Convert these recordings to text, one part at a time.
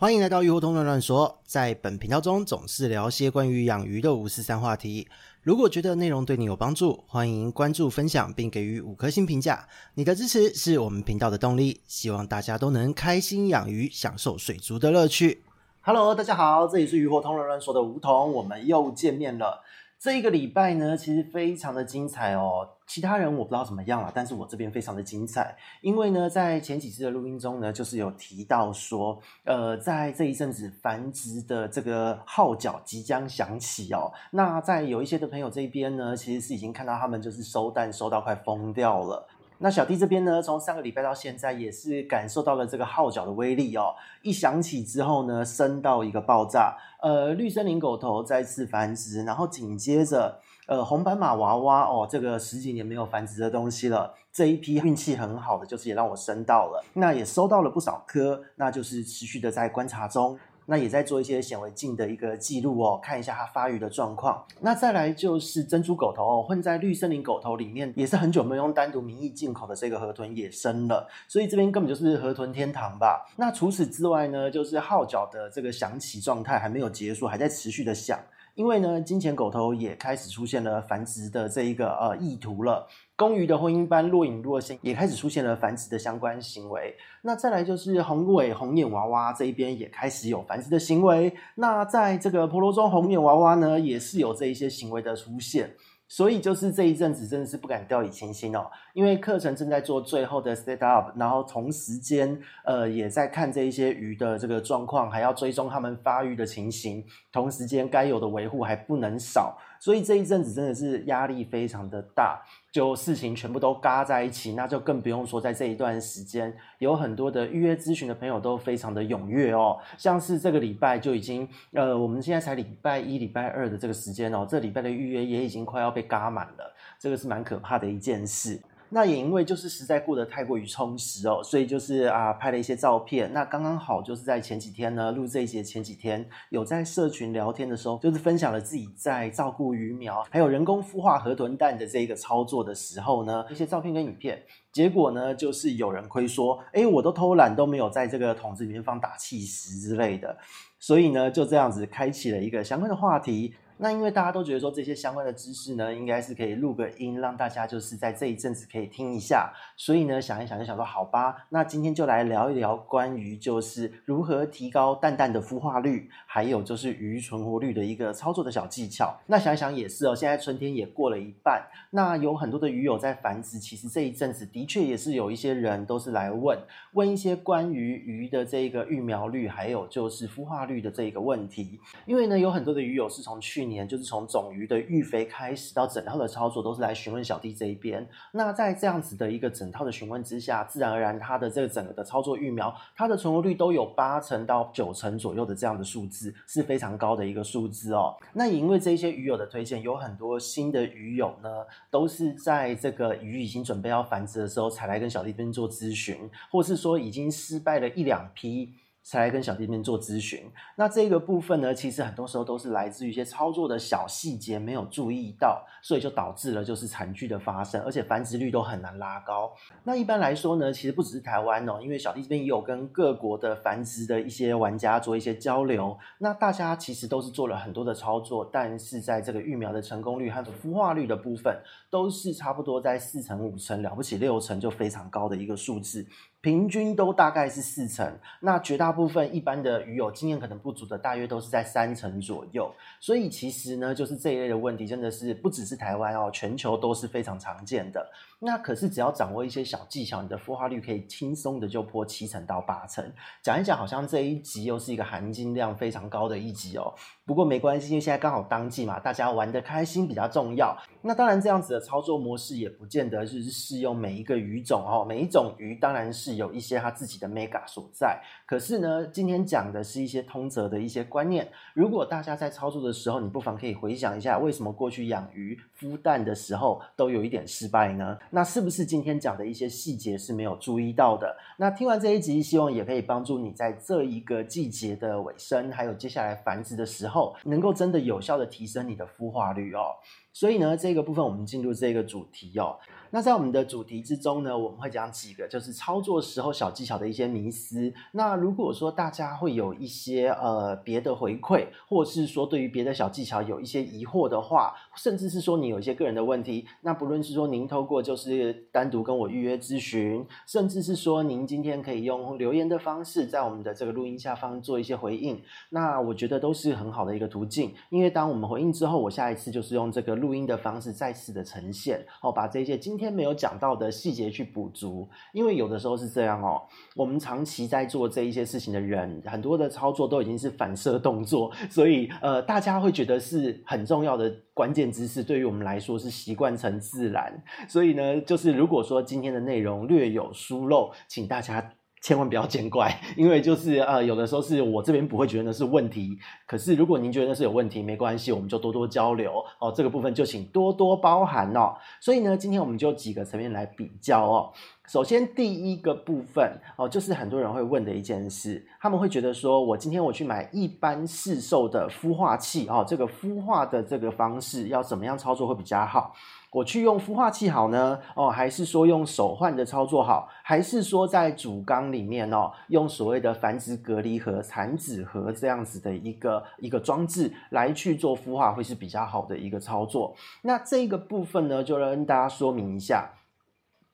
歡迎來到魚活通亂亂說，在本頻道中總是聊些關於養魚的五四三話題。如果覺得內容對你有幫助，歡迎關注、分享並給予五顆星評價。你的支持是我們頻道的動力。希望大家都能開心養魚，享受水族的樂趣。Hello，大家好，這裡是魚活通亂亂說的梧桐，我們又見面了。這一個禮拜呢，其實非常的精彩哦。其他人我不知道怎麼樣了，但是我這邊非常的精彩，因為呢，在前幾次的錄音中呢，就是有提到說，呃，在這一陣子繁殖的這個號角即將響起哦。那在有一些的朋友這邊呢，其實是已經看到他們就是收蛋收到快瘋掉了。那小弟這邊呢，從上個禮拜到現在也是感受到了這個號角的威力哦，一響起之後呢，生到一個爆炸，呃，綠森林狗頭再次繁殖，然後緊接着。呃，紅斑馬娃娃哦，這個十幾年沒有繁殖的東西了，這一批運氣很好的，就是也讓我生到了，那也收到了不少顆，那就是持續的在觀察中，那也在做一些顯微鏡的一個記錄哦，看一下它發育的狀況。那再來就是珍珠狗頭哦，混在綠森林狗頭裡面，也是很久沒有用單獨名義進口的這個河豚也生了，所以這邊根本就是河豚天堂吧。那除此之外呢，就是號角的這個響起狀態還沒有結束，還在持續的響。因為呢，金錢狗頭也開始出現了繁殖的這一個呃意圖了，公魚的婚姻斑若隱若現，也開始出現了繁殖的相關行為。那再來就是紅尾紅眼娃娃這一邊也開始有繁殖的行為。那在這個婆羅洲紅眼娃娃呢，也是有這一些行為的出現。所以就是這一陣子真的是不敢掉以輕心哦，因為課程正在做最後的 set up，然後同時間呃也在看這一些魚的這個狀況，還要追蹤他們發育的情形，同時間該有的維護還不能少，所以這一陣子真的是壓力非常的大。就事情全部都嘎在一起，那就更不用說在這一段時間，有很多的預約諮詢的朋友都非常的踊躍哦，像是這個禮拜就已經，呃，我們現在才禮拜一、禮拜二的這個時間哦，這禮拜的預約也已經快要被嘎滿了，這個是蠻可怕的一件事。那也因為就是實在過得太過於充實哦，所以就是啊拍了一些照片。那剛剛好就是在前幾天呢錄這一集前幾天有在社群聊天的時候，就是分享了自己在照顧魚苗，還有人工孵化河豚蛋的這一個操作的時候呢，一些照片跟影片。結果呢，就是有人虧說：“哎，我都偷懶都沒有在這個桶子裡面放打氣石之類的。”所以呢，就這樣子開啟了一個相關的話題。那因為大家都覺得說這些相關的知識呢，應該是可以錄個音，讓大家就是在這一陣子可以聽一下。所以呢，想一想就想說，好吧，那今天就來聊一聊關於就是如何提高蛋蛋的孵化率，還有就是魚存活率的一個操作的小技巧。那想一想也是哦、喔，現在春天也過了一半，那有很多的魚友在繁殖。其實這一陣子的確也是有一些人都是來問問一些關於魚的這個育苗率，還有就是孵化率的這個問題。因為呢，有很多的魚友是從去年年就是從種魚的育肥開始，到整套的操作都是來詢問小弟這一邊。那在這樣子的一個整套的詢問之下，自然而然它的這個整個的操作育苗，它的存活率都有八成到九成左右的這樣的數字，是非常高的一個數字哦。那也因為這些魚友的推薦，有很多新的魚友呢，都是在這個魚已經準備要繁殖的時候，才來跟小弟這邊做諮詢，或是說已經失敗了一兩批。才來跟小弟這邊做諮詢，那這個部分呢，其實很多時候都是來自於一些操作的小細節沒有注意到，所以就導致了就是慘劇的發生，而且繁殖率都很難拉高。那一般來說呢，其實不只是台灣哦，因為小弟這邊也有跟各國的繁殖的一些玩家做一些交流，那大家其實都是做了很多的操作，但是在這個育苗的成功率和孵化率的部分，都是差不多在四成五成，了不起六成就非常高的一個數字。平均都大概是四成，那絕大部分一般的魚友經驗可能不足的，大約都是在三成左右。所以其實呢，就是這一類的問題，真的是不只是台灣哦，全球都是非常常見的。那可是只要掌握一些小技巧，你的孵化率可以輕鬆的就破七成到八成。講一講，好像這一集又是一個含金量非常高的一集哦。不過沒關係，因為現在剛好當季嘛，大家玩的開心比較重要。那當然，這樣子的操作模式也不見得，就是適用每一個魚種哦，每一種魚當然是。有一些他自己的 mega 所在，可是呢，今天講的是一些通則的一些觀念。如果大家在操作的時候，你不妨可以回想一下，為什麼過去養魚孵蛋的時候都有一點失敗呢？那是不是今天講的一些細節是沒有注意到的？那聽完這一集，希望也可以幫助你在這一個季節的尾聲，還有接下來繁殖的時候，能夠真的有效的提升你的孵化率哦。所以呢，這個部分我們進入這個主題哦。那在我們的主題之中呢，我們會講幾個就是操作時候小技巧的一些迷思。那如果說大家會有一些呃別的回饋，或是說對於別的小技巧有一些疑惑的話，甚至是說你有一些個人的問題，那不論是說您透過就是單獨跟我預約諮詢，甚至是說您今天可以用留言的方式在我們的這個錄音下方做一些回應，那我覺得都是很好的一個途徑。因為當我們回應之後，我下一次就是用這個。錄音的方式再次的呈現哦，把這些今天沒有講到的細節去補足，因為有的時候是這樣哦。我們長期在做這一些事情的人，很多的操作都已經是反射動作，所以呃，大家會覺得是很重要的關鍵知識，對於我們來說是習慣成自然。所以呢，就是如果說今天的內容略有疏漏，請大家。千萬不要見怪，因為就是呃，有的時候是我這邊不會覺得那是問題，可是如果您覺得那是有問題，沒關係，我們就多多交流哦。這個部分就請多多包涵哦。所以呢，今天我們就幾個層面來比較哦。首先第一個部分哦，就是很多人會問的一件事，他們會覺得說我今天我去買一般市售的孵化器哦，這個孵化的這個方式要怎麼樣操作會比較好？我去用孵化器好呢？哦，還是說用手換的操作好？還是說在主缸裡面哦，用所謂的繁殖隔離盒、產子盒這樣子的一個一個裝置來去做孵化，會是比較好的一個操作？那這個部分呢，就來跟大家說明一下。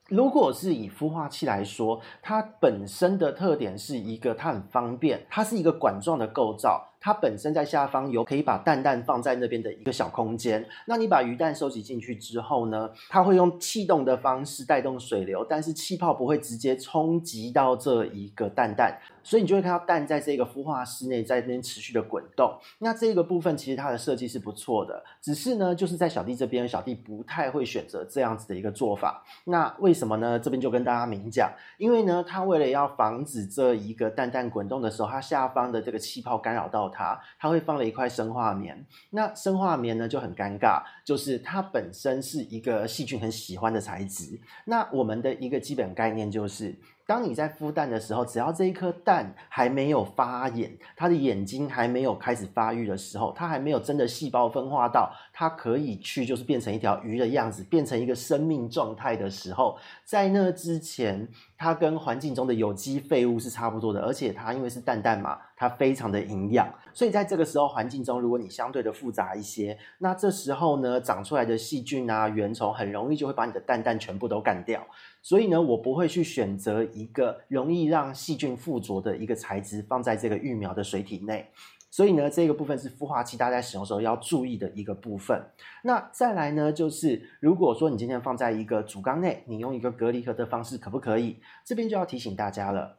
如果是以孵化器來說，它本身的特點是一個，它很方便，它是一個管狀的構造。它本身在下方有可以把蛋蛋放在那邊的一個小空間。那你把魚蛋收集進去之後呢，它會用氣動的方式帶動水流，但是氣泡不會直接衝擊到這一個蛋蛋，所以你就會看到蛋在這個孵化室內在那邊持續的滾動。那這個部分其實它的設計是不錯的，只是呢就是在小弟這邊，小弟不太會選擇這樣子的一個做法。那為什麼呢？這邊就跟大家明講，因為呢，它為了要防止這一個蛋蛋滾動的時候，它下方的這個氣泡干擾到。它，它會放了一塊生化棉。那生化棉呢，就很尷尬，就是它本身是一個細菌很喜歡的材質。那我們的一個基本概念就是，當你在孵蛋的時候，只要這一顆蛋還沒有發眼，它的眼睛還沒有開始發育的時候，它還沒有真的細胞分化到。它可以去，就是變成一條魚的樣子，變成一個生命狀態的時候，在那之前，它跟環境中的有機廢物是差不多的，而且它因為是蛋蛋嘛，它非常的營養，所以在這個時候，環境中如果你相對的複雜一些，那這時候呢，長出來的細菌啊、原蟲很容易就會把你的蛋蛋全部都幹掉，所以呢，我不會去選擇一個容易讓細菌附着的一個材質放在這個育苗的水體內。所以呢，這個部分是孵化器，大家在使用時候要注意的一個部分。那再來呢，就是如果說你今天放在一個主缸內，你用一個隔離盒的方式可不可以？這邊就要提醒大家了，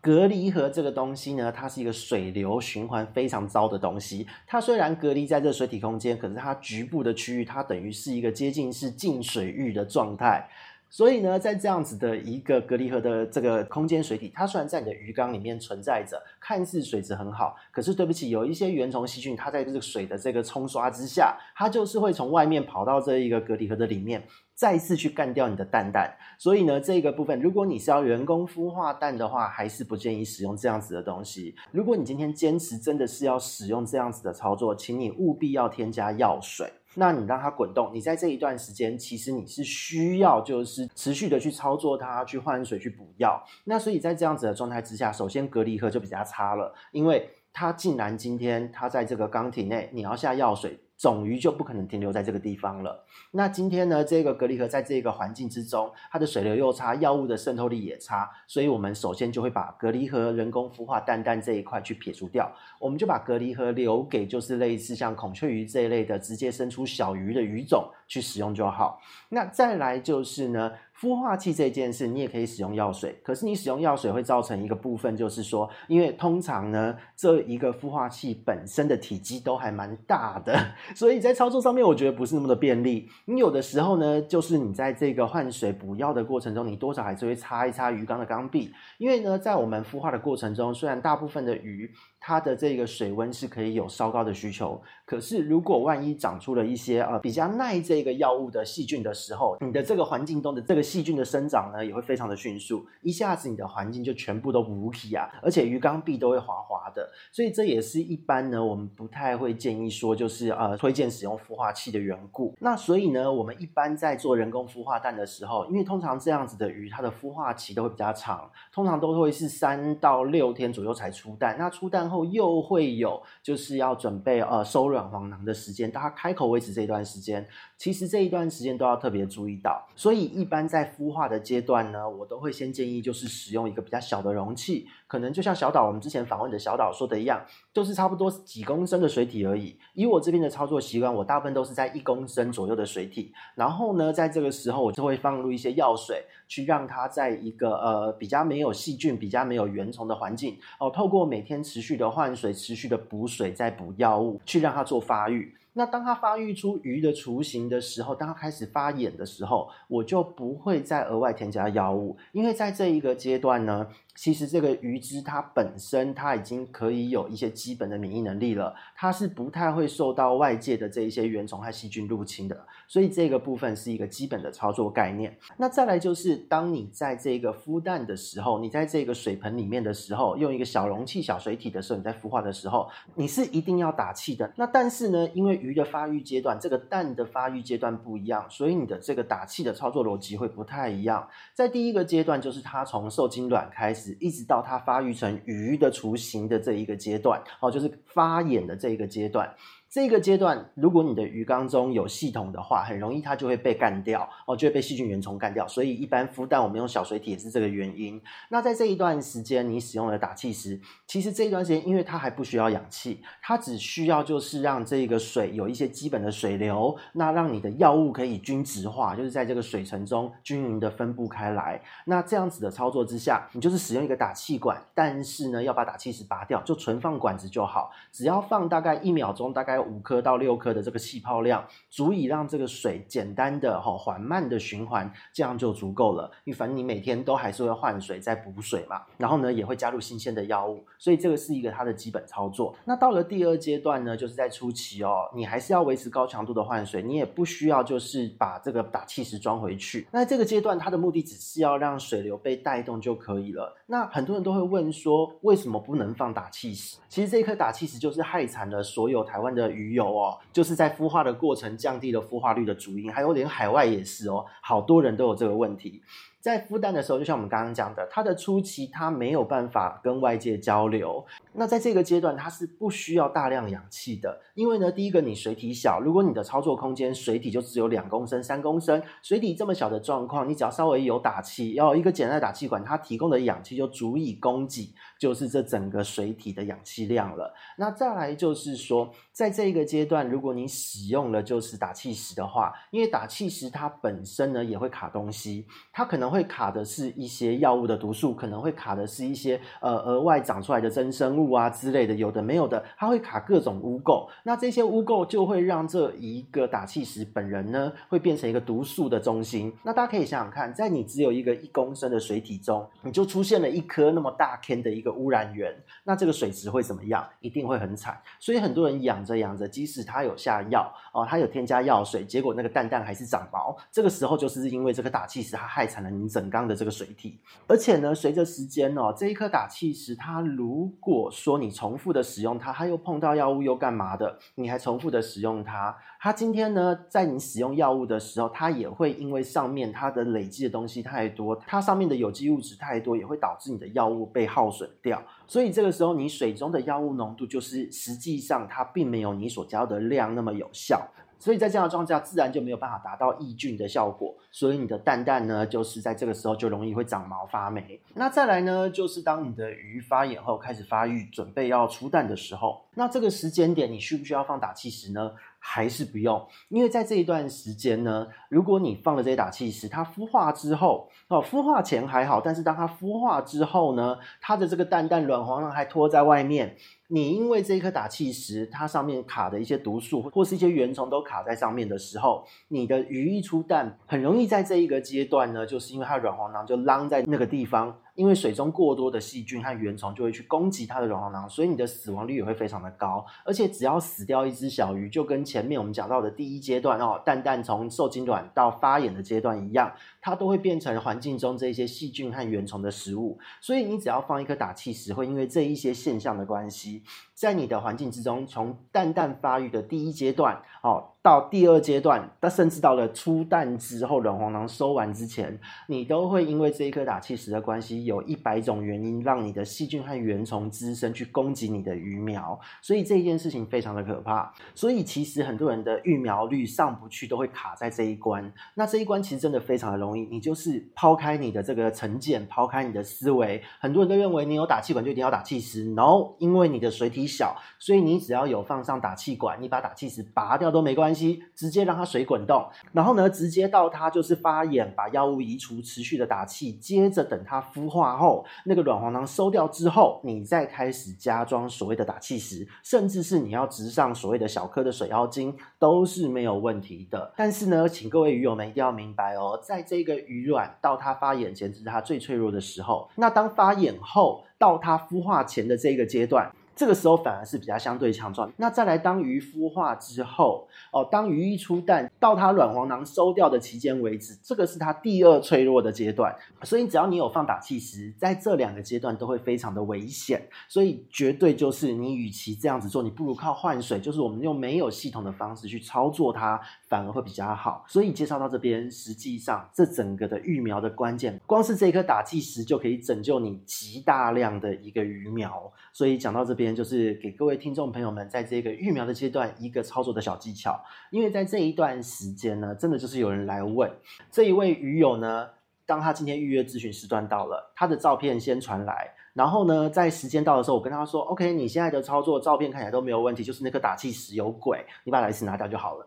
隔離盒這個東西呢，它是一個水流循環非常糟的東西。它雖然隔離在這個水體空間，可是它局部的區域，它等於是一個接近是靜水域的狀態。所以呢，在這樣子的一個隔離盒的這個空間水體，它雖然在你的魚缸裡面存在着，看似水質很好，可是對不起，有一些原蟲、細菌，它在這個水的這個沖刷之下，它就是會從外面跑到這一個隔離盒的裡面，再次去幹掉你的蛋蛋。所以呢，這個部分，如果你是要人工孵化蛋的話，還是不建議使用這樣子的東西。如果你今天堅持真的是要使用這樣子的操作，請你務必要添加藥水。那你讓它滾動，你在這一段時間，其實你是需要就是持續的去操作它，去換水，去補藥。那所以在這樣子的狀態之下，首先隔離盒就比較差了，因為他竟然今天他在這個缸體內，你要下藥水。種魚就不可能停留在這個地方了。那今天呢，這個隔離盒在這個環境之中，它的水流又差，藥物的滲透力也差，所以我們首先就會把隔離盒人工孵化蛋蛋這一塊去撇除掉。我們就把隔離盒留給就是類似像孔雀魚這一類的，直接生出小魚的魚種去使用就好。那再來就是呢。孵化器這件事，你也可以使用藥水。可是你使用藥水會造成一個部分，就是說，因為通常呢，這一個孵化器本身的體積都還蠻大的，所以在操作上面，我覺得不是那麼的便利。你有的時候呢，就是你在這個換水補藥的過程中，你多少還是會擦一擦魚缸的缸壁，因為呢，在我們孵化的過程中，雖然大部分的魚。它的這個水溫是可以有稍高的需求，可是如果萬一長出了一些呃比較耐這個藥物的細菌的時候，你的這個環境中的這個細菌的生長呢，也會非常的迅速，一下子你的環境就全部都補漆啊，而且魚缸壁都會滑滑的，所以這也是一般呢，我們不太會建議說，就是呃推薦使用孵化器的緣故。那所以呢，我們一般在做人工孵化蛋的時候，因為通常這樣子的魚它的孵化期都會比較長，通常都會是三到六天左右才出蛋，那出蛋。然後又會有，就是要準備呃收卵黃囊的時間，到牠開口為止這一段時間。其實這一段時間都要特別注意到，所以一般在孵化的階段呢，我都會先建議就是使用一個比較小的容器，可能就像小島我們之前訪問的小島說的一樣，就是差不多幾公升的水體而已。以我這邊的操作習慣，我大部分都是在一公升左右的水體，然後呢，在這個時候我就會放入一些藥水，去讓它在一個呃比較沒有細菌、比較沒有原蟲的環境哦、呃，透過每天持續的換水、持續的補水、再補藥物，去讓它做發育。那當它發育出魚的雛形的時候，當它開始發眼的時候，我就不會再額外添加藥物，因為在這一個階段呢。其實這個魚只它本身它已經可以有一些基本的免疫能力了，它是不太會受到外界的這一些原蟲和細菌入侵的，所以這個部分是一個基本的操作概念。那再來就是，當你在這個孵蛋的時候，你在這個水盆裡面的時候，用一個小容器、小水體的時候，你在孵化的時候，你是一定要打氣的。那但是呢，因為魚的發育階段，這個蛋的發育階段不一樣，所以你的這個打氣的操作邏輯會不太一樣。在第一個階段，就是它從受精卵開始。一直到它發育成魚的雛形的這一個階段，哦，就是發眼的這一個階段。這個階段，如果你的魚缸中有系統的話，很容易它就會被幹掉哦，就會被細菌、原蟲幹掉。所以一般孵蛋我們用小水體也是這個原因。那在這一段時間，你使用了打氣石，其實這一段時間，因為它還不需要氧氣，它只需要就是讓這個水有一些基本的水流，那讓你的藥物可以均質化，就是在這個水層中均勻的分布開來。那這樣子的操作之下，你就是使用一個打氣管，但是呢，要把打氣石拔掉，就存放管子就好，只要放大概一秒鐘，大概。五顆到六顆的這個氣泡量，足以讓這個水簡單的、哈、哦、緩慢的循環，這樣就足夠了。你反正你每天都還是會換水、再補水嘛，然後呢也會加入新鮮的藥物，所以這個是一個它的基本操作。那到了第二階段呢，就是在初期哦，你還是要維持高強度的換水，你也不需要就是把這個打氣石裝回去。那這個階段它的目的只是要讓水流被帶動就可以了。那很多人都會問說，為什麼不能放打氣石？其實這一顆打氣石就是害慘了所有台灣的。魚油哦、喔，就是在孵化的過程降低了孵化率的主因，還有連海外也是哦、喔，好多人都有這個問題。在孵蛋的時候，就像我們剛剛講的，它的初期它沒有辦法跟外界交流。那在這個階段，它是不需要大量氧氣的，因為呢，第一個你水體小，如果你的操作空間水體就只有兩公升、三公升，水體這麼小的狀況，你只要稍微有打氣，要有一個簡單的打氣管，它提供的氧氣就足以供給，就是這整個水體的氧氣量了。那再來就是說，在這個階段，如果你使用了就是打氣石的話，因為打氣石它本身呢也會卡東西，它可能會。會卡的是一些藥物的毒素，可能會卡的是一些呃額外長出來的增生物啊之類的，有的沒有的，它會卡各種污垢。那這些污垢就會讓這一個打氣石本人呢，會變成一個毒素的中心。那大家可以想想看，在你只有一個一公升的水體中，你就出現了一顆那麼大顆的一個污染源，那這個水質會怎麼樣？一定會很慘。所以很多人養着養着，即使他有下藥哦，他有添加藥水，結果那個蛋蛋還是長毛。這個時候就是因為這個打氣石它害慘了。你整缸的這個水體，而且呢，隨着時間哦，這一顆打氣石，它如果說你重複的使用它，它又碰到藥物又幹嘛的，你還重複的使用它，它今天呢，在你使用藥物的時候，它也會因為上面它的累積的東西太多，它上面的有機物質太多，也會導致你的藥物被耗損掉，所以這個時候你水中的藥物濃度就是實際上它並沒有你所加的量那麼有效。所以在這樣的狀態下，自然就沒有辦法達到抑菌的效果。所以你的蛋蛋呢，就是在這個時候就容易會長毛發霉。那再來呢，就是當你的魚發眼後開始發育，準備要出蛋的時候，那這個時間點你需不需要放打氣石呢？還是不用？因為在這一段時間呢，如果你放了這些打氣石，它孵化之後，哦，孵化前還好，但是當它孵化之後呢，它的這個蛋蛋卵黃囊還拖在外面。你因為這一顆打氣石，它上面卡的一些毒素或是一些原蟲都卡在上面的時候，你的魚一出蛋，很容易在這一個階段呢，就是因為它的軟黃囊就啷在那個地方，因為水中過多的細菌和原蟲就會去攻擊它的軟黃囊，所以你的死亡率也會非常的高。而且只要死掉一隻小魚，就跟前面我們講到的第一階段哦，蛋蛋從受精卵到發眼的階段一樣。它都會變成環境中這些細菌和原蟲的食物，所以你只要放一顆打氣石，會因為這一些現象的關係。在你的環境之中，從蛋蛋發育的第一階段，哦，到第二階段，但甚至到了出蛋之後，卵黃囊收完之前，你都會因為這一顆打氣石的關係，有一百種原因讓你的細菌和原蟲滋生，去攻擊你的魚苗，所以這一件事情非常的可怕。所以其實很多人的育苗率上不去，都會卡在這一關。那這一關其實真的非常的容易，你就是拋開你的這個成見，拋開你的思維，很多人都認為你有打氣管就一定要打氣石，然後因為你的水體。小，所以你只要有放上打氣管，你把打氣石拔掉都沒關係，直接讓它水滾動。然後呢，直接到它就是發眼，把藥物移除，持續的打氣，接着等它孵化後，那個卵黃囊收掉之後，你再開始加裝所謂的打氣石，甚至是你要植上所謂的小顆的水妖精，都是沒有問題的。但是呢，請各位魚友們一定要明白哦，在這個魚卵到它發眼前，這是它最脆弱的時候。那當發眼後到它孵化前的這個階段。這個時候反而是比較相對強壯。那再來當魚孵化之後，哦，當魚一出蛋到它卵黃囊收掉的期間為止，這個是它第二脆弱的階段。所以只要你有放打氣石，在這兩個階段都會非常的危險。所以絕對就是你與其這樣子做，你不如靠換水，就是我們用沒有系統的方式去操作它，反而會比較好，所以介紹到這邊，實際上這整個的育苗的關鍵，光是這顆打氣石就可以拯救你極大量的一個魚苗。所以講到這邊，就是給各位聽眾朋友們，在這個育苗的階段一個操作的小技巧。因為在這一段時間呢，真的就是有人來問這一位魚友呢，當他今天預約諮詢時段到了，他的照片先傳來，然後呢，在時間到的時候，我跟他說：“OK，你現在的操作照片看起來都沒有問題，就是那顆打氣石有鬼，你把打氣石拿掉就好了。”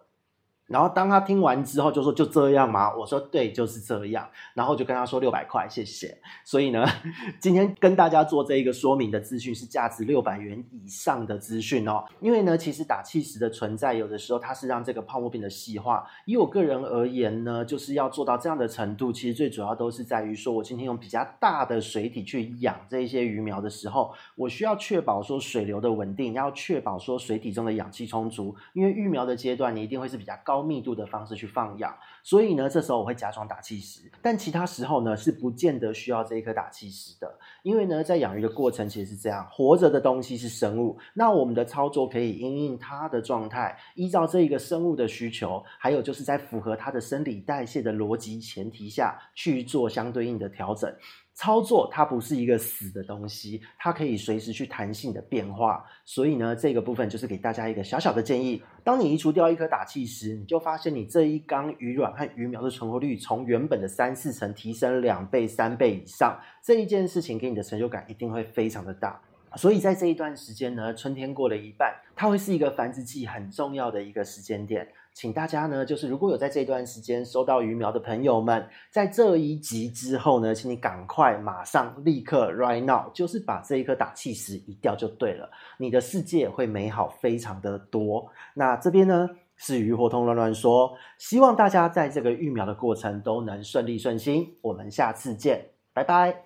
然後當他聽完之後就說，就這樣嗎？我說對，就是這樣。然後就跟他說六百塊，謝謝。所以呢，今天跟大家做這一個說明的資訊是價值六百元以上的資訊哦。因為呢，其實打氣石的存在，有的時候它是讓這個泡沫變得細化。以我個人而言呢，就是要做到這樣的程度，其實最主要都是在於說我今天用比較大的水體去養這些魚苗的時候，我需要確保說水流的穩定，要確保說水體中的氧氣充足。因為育苗的階段，你一定會是比較高密度的方式去放養，所以呢，這時候我會加裝打氣石，但其他時候呢，是不見得需要這一顆打氣石的，因為呢，在養魚的過程其實是這樣，活着的東西是生物，那我們的操作可以因應它的狀態，依照這一個生物的需求，還有就是在符合它的生理代謝的邏輯前提下去做相對應的調整。操作它不是一個死的東西，它可以隨時去彈性的變化。所以呢，這個部分就是給大家一個小小的建議：當你移除掉一顆打氣石，你就發現你這一缸魚卵和魚苗的存活率從原本的三四成提升兩倍、三倍以上。這一件事情給你的成就感一定會非常的大。所以在這一段時間呢，春天過了一半，它會是一個繁殖季很重要的一個時間點。請大家呢，就是如果有在這段時間收到魚苗的朋友們，在這一集之後呢，請你趕快、馬上、立刻、right now，就是把這一顆打氣石移掉就對了，你的世界會美好非常的多。那這邊呢，是魚活通亂亂說，希望大家在這個育苗的過程都能順利順心。我們下次見，拜拜。